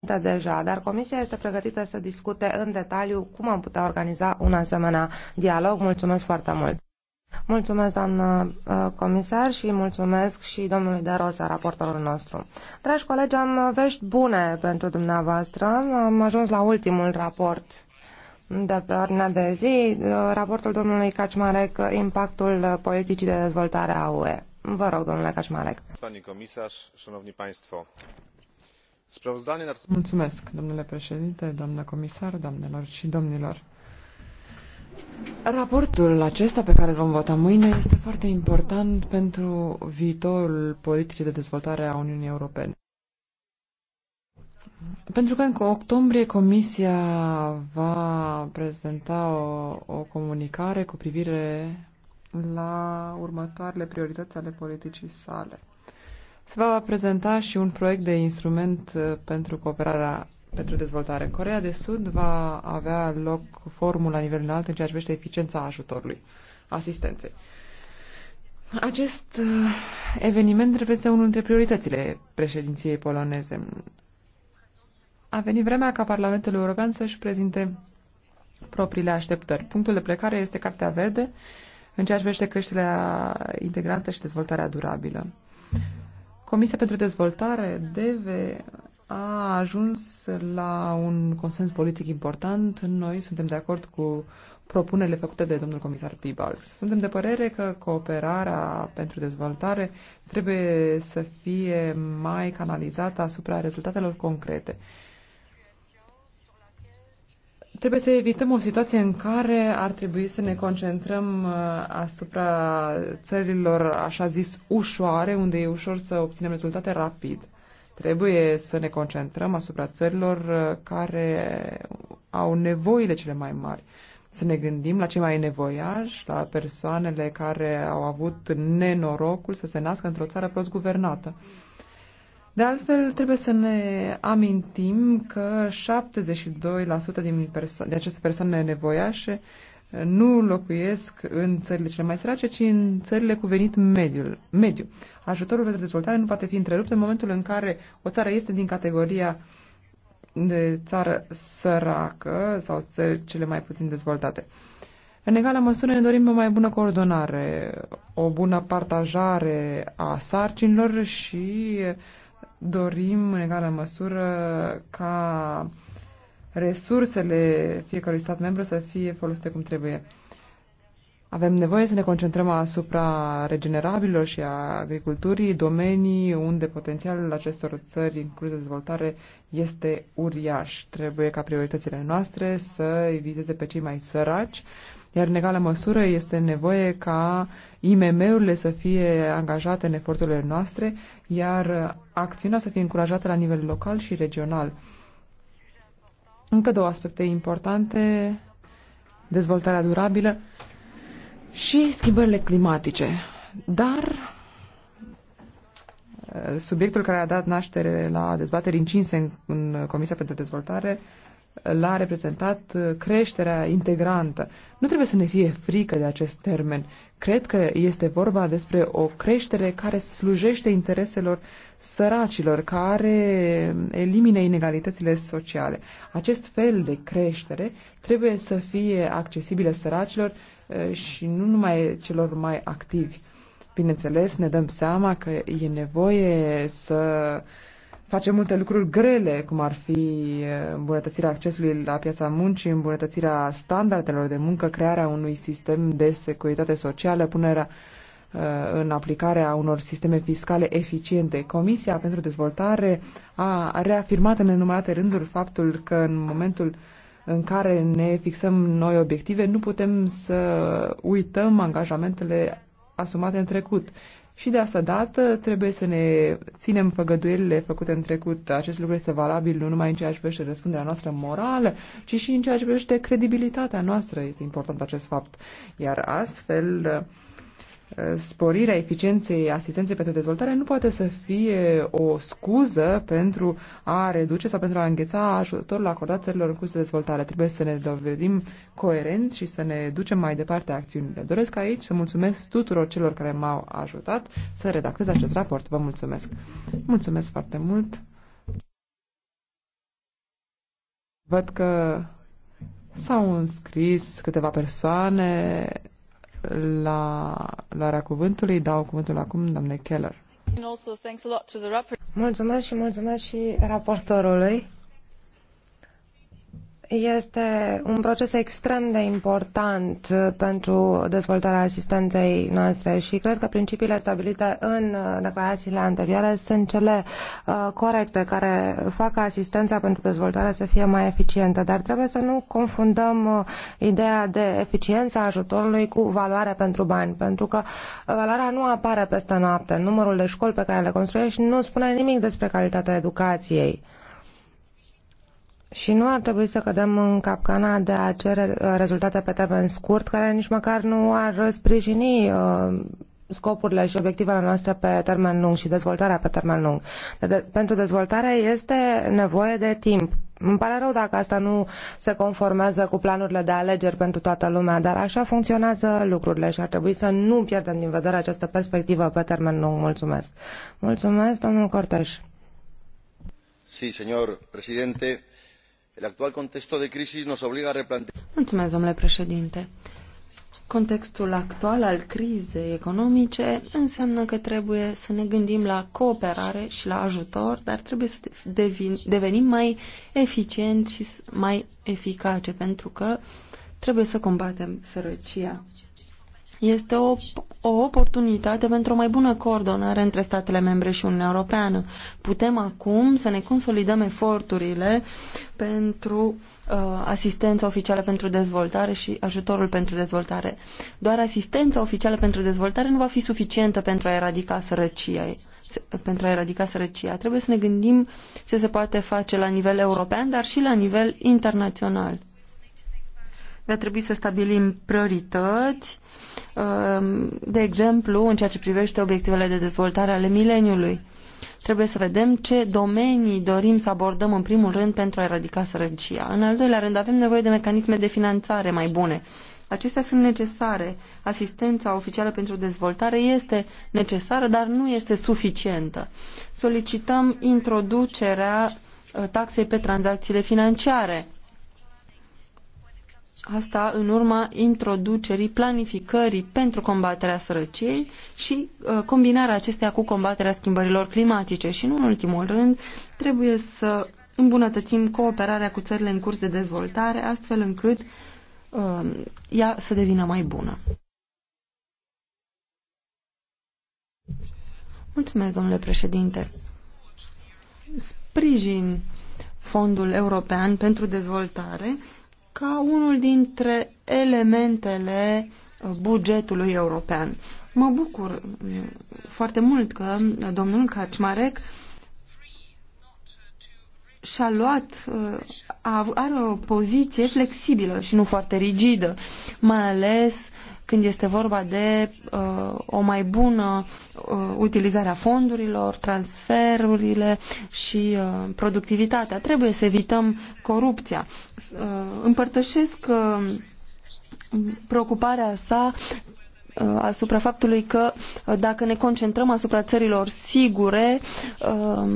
deja, dar Comisia este pregătită să discute în detaliu cum am putea organiza un asemenea dialog. Mulțumesc foarte mult! Mulțumesc, doamnă uh, comisar, și mulțumesc și domnului De Rosa, raportorul nostru. Dragi colegi, am vești bune pentru dumneavoastră. Am ajuns la ultimul raport de pe ordinea de zi, uh, raportul domnului Kaczmarek, impactul politicii de dezvoltare a UE. Vă rog, domnule Kaczmarek. Pani comisar, szanowni państwo, Mulțumesc, domnule președinte, doamnă comisar, doamnelor și domnilor. Raportul acesta pe care îl vom vota mâine este foarte important pentru viitorul politicii de dezvoltare a Uniunii Europene. Pentru că în octombrie Comisia va prezenta o, o comunicare cu privire la următoarele priorități ale politicii sale. Se va prezenta și un proiect de instrument uh, pentru cooperarea pentru dezvoltare. Corea de Sud va avea loc formul la nivel înalt în ceea ce privește eficiența ajutorului, asistenței. Acest uh, eveniment reprezintă unul dintre prioritățile președinției poloneze. A venit vremea ca Parlamentul European să-și prezinte propriile așteptări. Punctul de plecare este Cartea Verde în ceea ce privește creșterea integrată și dezvoltarea durabilă. Comisia pentru Dezvoltare, DEVE, a ajuns la un consens politic important. Noi suntem de acord cu propunerile făcute de domnul comisar Pibalx. Suntem de părere că cooperarea pentru dezvoltare trebuie să fie mai canalizată asupra rezultatelor concrete Trebuie să evităm o situație în care ar trebui să ne concentrăm uh, asupra țărilor așa zis ușoare, unde e ușor să obținem rezultate rapid. Trebuie să ne concentrăm asupra țărilor uh, care au nevoile cele mai mari. Să ne gândim la cei mai nevoiași, la persoanele care au avut nenorocul să se nască într-o țară prost guvernată. De altfel, trebuie să ne amintim că 72% din perso- de aceste persoane nevoiașe uh, nu locuiesc în țările cele mai sărace, ci în țările cu venit mediul, mediu. Ajutorul pentru dezvoltare nu poate fi întrerupt în momentul în care o țară este din categoria de țară săracă sau țări cele mai puțin dezvoltate. În egală măsură ne dorim o mai bună coordonare, o bună partajare a sarcinilor și dorim în egală măsură ca resursele fiecărui stat membru să fie folosite cum trebuie. Avem nevoie să ne concentrăm asupra regenerabilor și a agriculturii, domenii unde potențialul acestor țări în curs de dezvoltare este uriaș. Trebuie ca prioritățile noastre să vizeze pe cei mai săraci, iar în egală măsură este nevoie ca IMM-urile să fie angajate în eforturile noastre, iar acțiunea să fie încurajată la nivel local și regional. Încă două aspecte importante, dezvoltarea durabilă și schimbările climatice. Dar subiectul care a dat naștere la dezbateri incinse în Comisia pentru Dezvoltare l-a reprezentat uh, creșterea integrantă. Nu trebuie să ne fie frică de acest termen. Cred că este vorba despre o creștere care slujește intereselor săracilor, care elimine inegalitățile sociale. Acest fel de creștere trebuie să fie accesibilă săracilor uh, și nu numai celor mai activi. Bineînțeles, ne dăm seama că e nevoie să uh, Facem multe lucruri grele, cum ar fi îmbunătățirea accesului la piața muncii, îmbunătățirea standardelor de muncă, crearea unui sistem de securitate socială, punerea în aplicarea unor sisteme fiscale eficiente. Comisia pentru Dezvoltare a reafirmat în enumerate rânduri faptul că în momentul în care ne fixăm noi obiective, nu putem să uităm angajamentele asumate în trecut și de asta dată trebuie să ne ținem făgăduirile făcute în trecut. Acest lucru este valabil nu numai în ceea ce privește răspunderea noastră morală, ci și în ceea ce privește credibilitatea noastră. Este important acest fapt. Iar astfel, uh, sporirea eficienței asistenței pentru dezvoltare nu poate să fie o scuză pentru a reduce sau pentru a îngheța ajutorul acordat țărilor în curs de dezvoltare. Trebuie să ne dovedim coerenți și să ne ducem mai departe acțiunile. Doresc aici să mulțumesc tuturor celor care m-au ajutat să redactez acest raport. Vă mulțumesc! Mulțumesc foarte mult! Văd că s-au înscris câteva persoane la luarea cuvântului. Dau cuvântul acum, doamne Keller. Mulțumesc și mulțumesc și raportorului este un proces extrem de important uh, pentru dezvoltarea asistenței noastre și cred că principiile stabilite în uh, declarațiile anterioare sunt cele uh, corecte care fac asistența pentru dezvoltare să fie mai eficientă, dar trebuie să nu confundăm ideea de eficiență a ajutorului cu valoare pentru bani, pentru că valoarea nu apare peste noapte. Numărul de școli pe care le construiești nu spune nimic despre calitatea educației și nu ar trebui să cădem în capcana de a cere uh, rezultate pe termen scurt, care nici măcar nu ar sprijini uh, scopurile și obiectivele noastre pe termen lung și dezvoltarea pe termen lung. De de, pentru dezvoltare este nevoie de timp. Îmi pare rău dacă asta nu se conformează cu planurile de alegeri pentru toată lumea, dar așa funcționează lucrurile și ar trebui să nu pierdem din vedere această perspectivă pe termen lung. Mulțumesc. Mulțumesc, domnul Corteș. Sí, señor presidente el actual contexto de crisis nos obliga a replantear. Mulțumesc, domnule președinte. Contextul actual al crizei economice înseamnă că trebuie să ne gândim la cooperare și la ajutor, dar trebuie să devin, devenim mai eficienți și mai eficace, pentru că trebuie să combatem sărăcia. Este o, o oportunitate pentru o mai bună coordonare între statele membre și Uniunea Europeană. Putem acum să ne consolidăm eforturile pentru uh, asistența oficială pentru dezvoltare și ajutorul pentru dezvoltare. Doar asistența oficială pentru dezvoltare nu va fi suficientă pentru a eradica sărăcia pentru a eradica sărăcia. Trebuie să ne gândim ce se poate face la nivel european, dar și la nivel internațional Va trebui să stabilim priorități, um, de exemplu, în ceea ce privește obiectivele de dezvoltare ale mileniului. Trebuie să vedem ce domenii dorim să abordăm în primul rând pentru a eradica sărăcia. În al doilea rând, avem nevoie de mecanisme de finanțare mai bune. Acestea sunt necesare. Asistența oficială pentru dezvoltare este necesară, dar nu este suficientă. Solicităm introducerea uh, taxei pe tranzacțiile financiare Asta în urma introducerii planificării pentru combaterea sărăciei și uh, combinarea acestea cu combaterea schimbărilor climatice. Și, nu în ultimul rând, trebuie să îmbunătățim cooperarea cu țările în curs de dezvoltare, astfel încât uh, ea să devină mai bună. Mulțumesc, domnule președinte. Sprijin Fondul European pentru Dezvoltare ca unul dintre elementele bugetului european. Mă bucur mm, foarte mult că domnul Kaczmarek și-a luat, uh, are o poziție flexibilă și nu foarte rigidă, mai ales când este vorba de uh, o mai bună uh, utilizare a fondurilor, transferurile și uh, productivitatea. Trebuie să evităm corupția. Uh, împărtășesc uh, preocuparea sa uh, asupra faptului că uh, dacă ne concentrăm asupra țărilor sigure, uh,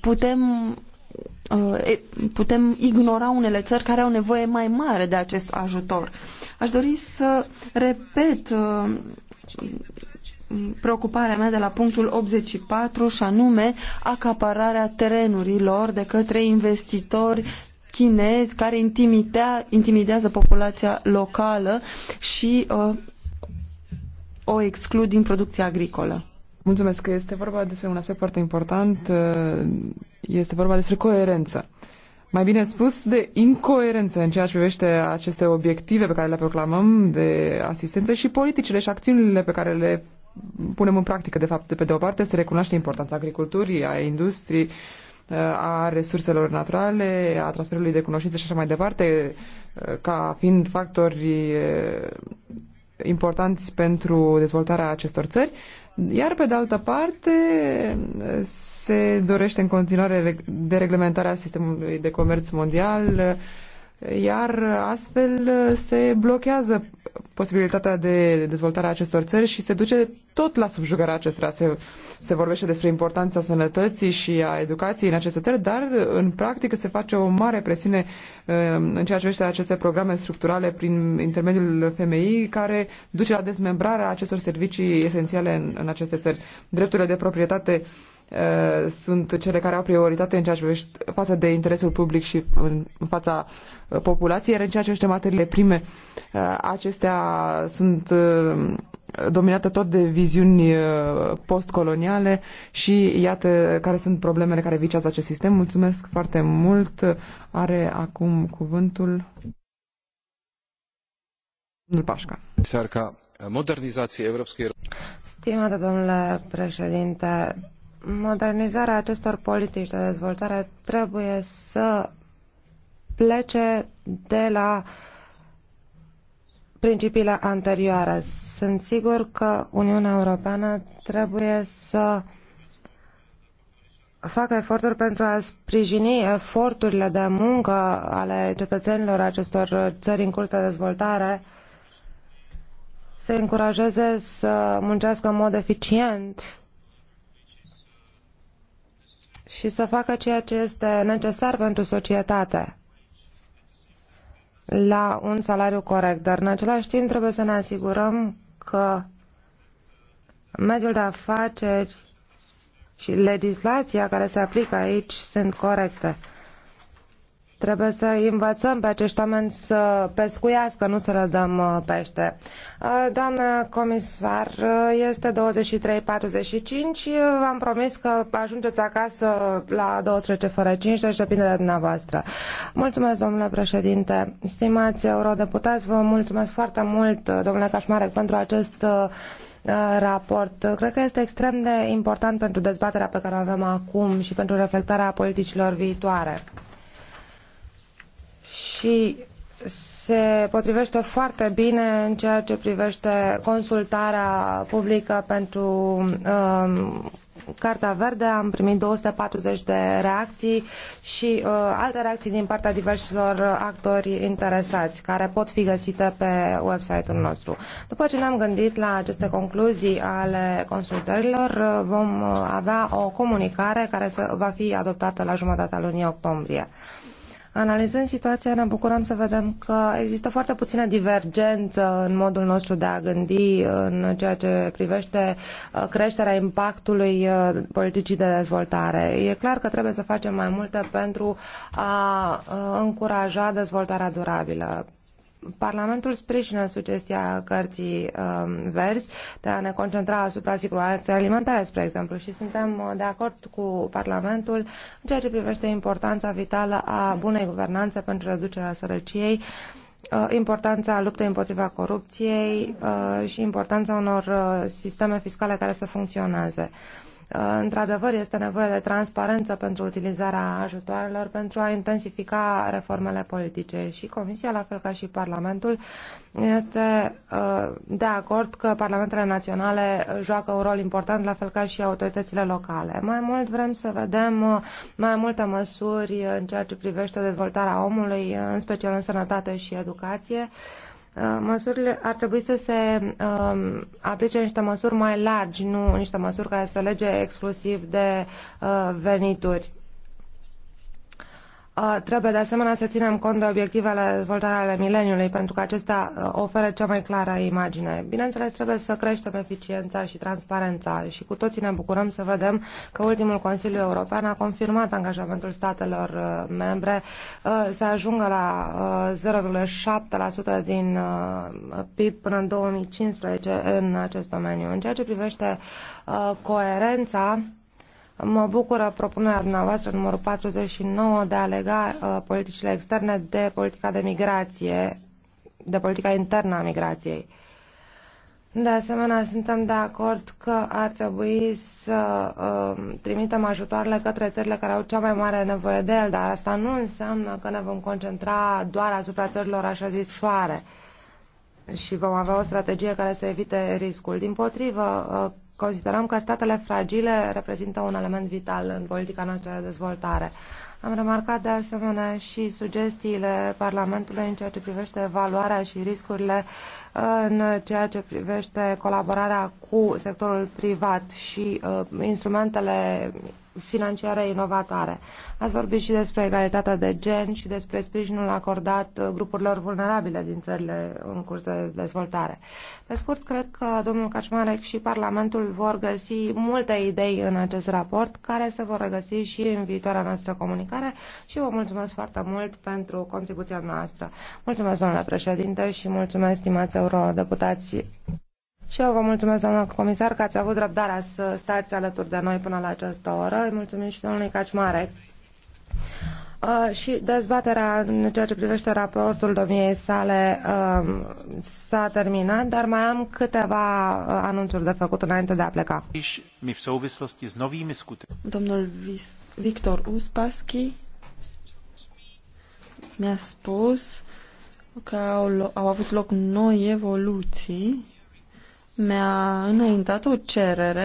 putem Uh, putem ignora unele țări care au nevoie mai mare de acest ajutor. Aș dori să repet uh, preocuparea mea de la punctul 84 și anume acapararea terenurilor de către investitori chinezi care intimidea, intimidează populația locală și uh, o exclud din producția agricolă. Mulțumesc. Este vorba despre un aspect foarte important. Uh, este vorba despre coerență. Mai bine spus, de incoerență în ceea ce privește aceste obiective pe care le proclamăm de asistență și politicile și acțiunile pe care le punem în practică. De fapt, de pe de o parte, se recunoaște importanța agriculturii, a industriei, uh, a resurselor naturale, a transferului de cunoștințe și așa mai departe, uh, ca fiind factori importanți pentru dezvoltarea acestor țări. Iar pe de altă parte se dorește în continuare dereglementarea sistemului de comerț mondial, iar astfel se blochează posibilitatea de dezvoltare a acestor țări și se duce tot la subjugarea acestora. Se, se vorbește despre importanța sănătății și a educației în aceste țări, dar în practică se face o mare presiune um, în ceea ce privește aceste programe structurale prin intermediul FMI, care duce la dezmembrarea acestor servicii esențiale în, în aceste țări. Drepturile de proprietate uh, Eh, sunt cele care au prioritate în ceea ce privește față de interesul public și în, în fața uh, populației, iar în ceea ce privește materiile prime, uh, acestea sunt uh, dominată tot de viziuni postcoloniale și iată care sunt problemele care vicează acest sistem. Mulțumesc foarte mult. Are acum cuvântul domnul Pașca. Sarca, modernizație europei. Stimate domnule președinte, modernizarea acestor politici de dezvoltare trebuie să plece de la principiile anterioare. Sunt sigur că Uniunea Europeană trebuie să facă eforturi pentru a sprijini eforturile de muncă ale cetățenilor acestor țări în curs de dezvoltare, să încurajeze să muncească în mod eficient și să facă ceea ce este necesar pentru societate la un salariu corect, dar în același timp trebuie să ne asigurăm că mediul de afaceri și legislația care se aplică aici sunt corecte. Trebuie să învățăm pe acești oameni să pescuiască, nu să le dăm uh, pește. Uh, Doamna comisar, uh, este 23.45. V-am promis că ajungeți acasă la 12 fără 5, deci depinde de dumneavoastră. Mulțumesc, domnule președinte. Stimați eurodeputați, vă mulțumesc foarte mult, domnule Cașmarec, pentru acest raport. Cred că este extrem de important pentru dezbaterea pe care o avem acum și pentru reflectarea politicilor viitoare și se potrivește foarte bine în ceea ce privește consultarea publică pentru um, Verde. Am primit 240 de reacții și uh, alte reacții din partea diverselor actori interesați, care pot fi găsite pe website-ul nostru. După ce ne-am gândit la aceste concluzii ale consultărilor, uh, vom uh, avea o comunicare care să, va fi adoptată la jumătatea lunii octombrie. Analizând situația, ne bucurăm să vedem că există foarte puțină divergență în modul nostru de a gândi în ceea ce privește uh, creșterea impactului uh, politicii de dezvoltare. E clar că trebuie să facem mai multe pentru a uh, încuraja dezvoltarea durabilă. Parlamentul sprijină sugestia cărții um, verzi de a ne concentra asupra siguranței alimentare, spre exemplu, și suntem uh, de acord cu Parlamentul în ceea ce privește importanța vitală a bunei guvernanțe pentru reducerea sărăciei, uh, importanța luptei împotriva corupției uh, și importanța unor sisteme fiscale care să funcționeze. Uh, Uh, într-adevăr, este nevoie de transparență pentru utilizarea ajutoarelor pentru a intensifica reformele politice și Comisia, la fel ca și Parlamentul, este uh, de acord că parlamentele naționale joacă un rol important, la fel ca și autoritățile locale. Mai mult vrem să vedem uh, mai multe măsuri în ceea ce privește dezvoltarea omului, în special în sănătate și educație, Uh, măsurile ar trebui să se uh, aplice niște măsuri mai largi, nu niște măsuri care să lege exclusiv de uh, venituri. Trebuie de asemenea să ținem cont de obiectivele de dezvoltare ale mileniului, pentru că acestea oferă cea mai clară imagine. Bineînțeles, trebuie să creștem eficiența și transparența și cu toții ne bucurăm să vedem că ultimul Consiliu European a confirmat angajamentul statelor membre să ajungă la 0,7% din PIB până în 2015 în acest domeniu. În ceea ce privește coerența, Mă bucură propunerea dumneavoastră numărul 49 de a lega uh, politicile externe de politica de migrație, de politica internă a migrației. De asemenea, suntem de acord că ar trebui să uh, trimitem ajutoarele către țările care au cea mai mare nevoie de el, dar asta nu înseamnă că ne vom concentra doar asupra țărilor așa zis șoare și vom avea o strategie care să evite riscul. Din potrivă, uh, considerăm că statele fragile reprezintă un element vital în politica noastră de dezvoltare. Am remarcat de asemenea și sugestiile Parlamentului în ceea ce privește evaluarea și riscurile în ceea ce privește colaborarea cu sectorul privat și uh, instrumentele financiare inovatoare. Ați vorbit și despre egalitatea de gen și despre sprijinul acordat uh, grupurilor vulnerabile din țările în curs de dezvoltare. Pe scurt, cred că domnul Cașmarec și Parlamentul vor găsi multe idei în acest raport, care se vor regăsi și în viitoarea noastră comunicare și vă mulțumesc foarte mult pentru contribuția noastră. Mulțumesc, domnule președinte, și mulțumesc, stimați eurodeputații. Și eu vă mulțumesc, doamna comisar, că ați avut răbdarea să stați alături de noi până la această oră. Îi mulțumim și domnului Cacimare. Uh, și dezbaterea în ceea ce privește raportul domniei sale uh, s-a terminat, dar mai am câteva uh, anunțuri de făcut înainte de a pleca. Domnul Victor Uspaschi mi-a spus că au, au avut loc noi evoluții, mi-a înaintat o cerere